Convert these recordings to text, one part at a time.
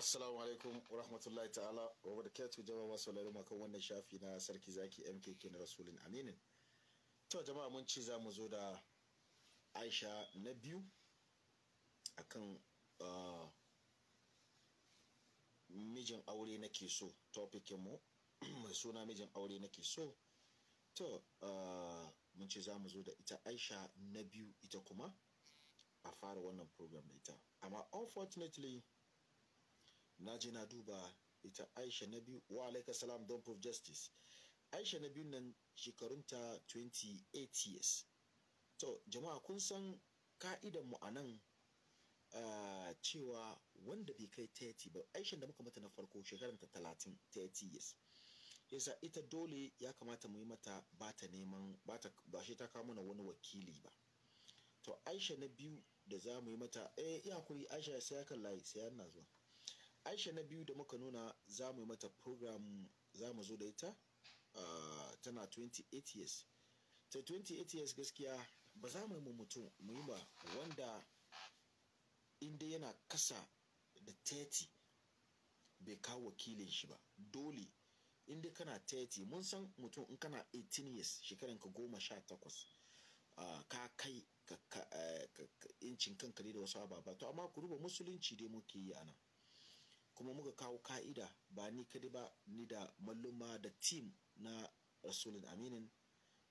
Assalamu alaikum wa rahmatullahi ta'ala wa barakatuhu jama'a masu sauraro makon wannan shafi na sarki zaki MKK na Rasulun Aminin. To jama'a mun ci za mu zo da Aisha na biyu akan mijin aure nake so topikin mu mai suna mijin aure nake so to mun ce za mu zo da ita Aisha na biyu ita kuma a fara wannan program da ita amma unfortunately na je na duba ita aisha na biyu wa alaika salam don prove justice aisha na biyu nan shekarunta 28 years to jama'a kun san ka'idan mu a nan ah, cewa wanda bai kai 30 ba aisha da muka mata na farko shekarunta 30 30 years yasa ita dole ya kamata mu yi mata ba ta neman ba shi ta kawo mana wani wakili ba to aisha na biyu da za mu yi mata eh iya kuri aisha sai ya kan layi sai na zuwa aisha na biyu da muka nuna za mu yi mata program za mu zo da ita uh, tana 28 years ta 28 years gaskiya ba za mu yi mutum mu yi ba wanda inda yana kasa da 30 bai kawo wakilin shi ba dole inda kana 30 mun san mutum in kana 18 years shekaranka goma sha takwas uh, ka kai eh, incin kanka da wasu ababa to amma ku duba musulunci dai muke yi a nan kuma muka kawo ka'ida ba ni kadi ba ni da malluma da tim na rasulun aminin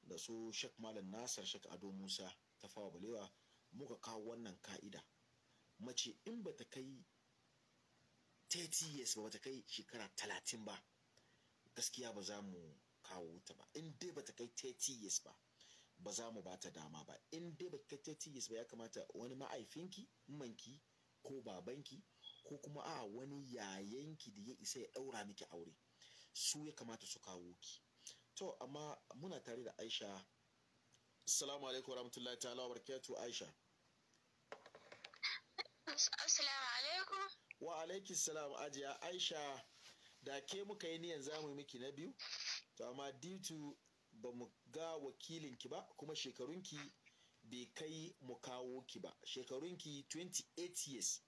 da su shek malam nasar shek ado musa ta fawa balewa muka kawo wannan ka'ida mace in ba ta kai 30 years ba ta kai shekara 30 ba gaskiya ba za mu kawo ta ba in dai ba ta kai 30 years ba ba za mu ba ta dama ba in dai ba ta kai 30 years ba ya kamata wani ma'aifinki manki ko babanki ko kuma a wani yayanki da ya isa ya ɗaura miki aure su ya kamata su kawo ki to amma muna tare da aisha assalamu alaikum warahmatullahi ta'ala wa aisha assalamu alaikum wa alaikum salam ajiya aisha da ke muka yi niyan zamu miki na biyu to amma due to ba mu ga wakilinki ba kuma shekarunki bai kai mu kawo ki ba shekarunki 28 years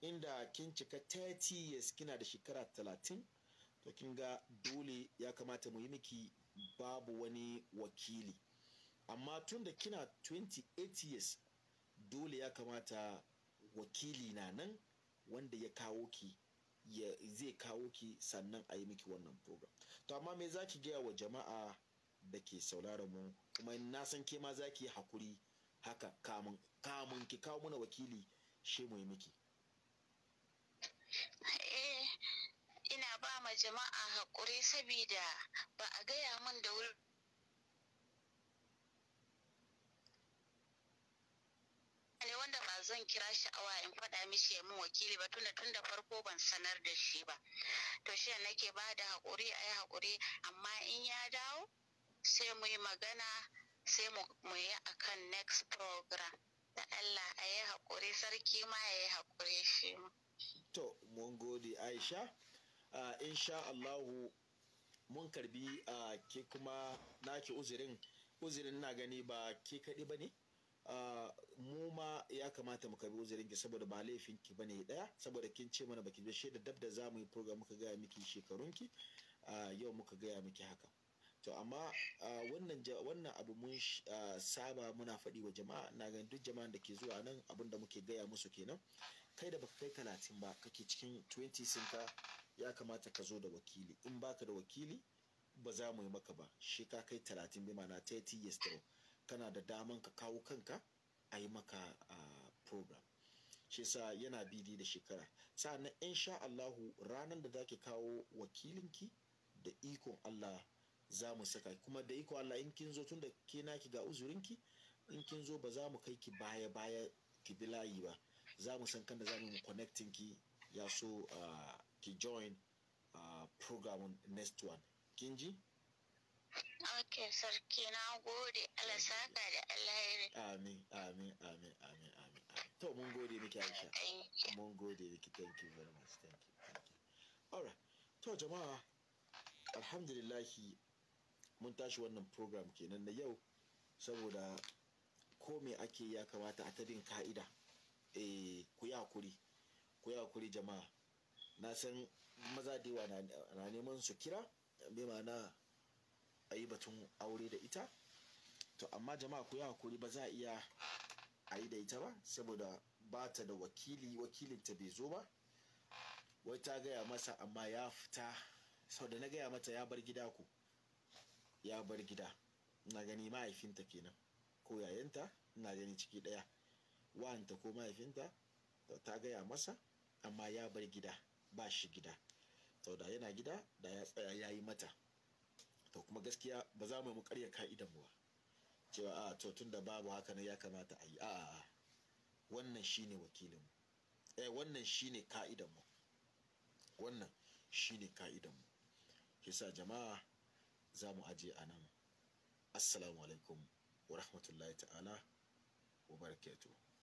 inda kin cika 30 years kina da shekara talatin to kin ga dole ya kamata mu yi miki babu wani wakili amma tun da kina 28 years dole ya kamata wakili na nan wanda ya kawo ki ya zai kawo ki sannan a yi miki wannan program to amma me za ki gaya wa jama'a da ke sauraron mu kuma na san ke ma za ki yi hakuri haka kamun ki kawo mana wakili shi mu yi miki ba ma jama'a haƙuri saboda ba a gaya min da wuri ne wanda ba zan kira sha'awa in faɗa mishi ya min wakili ba tunda tunda farko ban sanar da shi ba to shi nake ba da haƙuri a yi haƙuri amma in ya dawo sai mu yi magana sai mu yi a kan next program da Allah a yi haƙuri sarki ma ya yi haƙuri shi mu. To, mun gode Aisha, insha Allahu mun karbi a ke kuma naki uzurin uzurin na gani ba ke kaɗi ba ne mu ma ya kamata mu karbi uzurin ki saboda ba laifin ki bane daya saboda kin ce mana baki da shaida dab da zamu yi program muka gaya miki shekarunki yau muka gaya miki haka to amma wannan wannan abu mun saba muna faɗi wa jama'a na ga duk jama'an da ke zuwa nan abin da muke gaya musu kenan kai da baka kai talatin ba kake cikin 20 ka ya kamata ka zo da wakili in baka da wakili ba za mu yi maka ba shi ka kai talatin bi mana 30 years to kana da daman ka kawo kanka a yi maka program shi sa yana bidi da shekara sa'annan in sha Allahu ranar da zaki kawo wakilinki da ikon Allah za mu saka kuma da iko Allah in kin zo tun da ke naki ga uzurinki in kin zo ba za mu kai ki baya baya ki bi layi ba za mu san kan da za mu connecting ki ya so ki join program next one kin ji ok sarki na gode Allah saka da alheri amin amin amin amin amin to mun gode miki Aisha mun gode miki thank you very much thank you thank you alright to jama'a alhamdulillahi mun tashi wannan program kenan na yau saboda ko me ake ya kamata a tabin ka'ida eh ku yi hakuri ku yi hakuri jama'a na san maza da yawa na neman su kira bai ma'ana a yi batun aure da ita to amma jama'a ku yi hakuri ba za a iya a yi da ita ba saboda ba ta da wakili wakilin ta bai zo ba wai ta gaya masa amma ya fita sau da na gaya mata ya bar gida ku ya bar gida ina gani mahaifinta kenan ko yayanta ina gani ciki ɗaya wanta ko mahaifinta ta gaya masa amma ya bar gida ba shi gida sau da yana gida da ya tsaya ya yi mata to kuma gaskiya ba za mu mu karya ka'idan mu ba cewa a ah, to tun da babu haka ne ya kamata a yi a wannan shine wakilin mu eh wannan shine ka'idan mu wannan shine ka'idan mu yasa jama'a za mu aje a nan assalamu alaikum wa rahmatullahi ta'ala wa barakatuh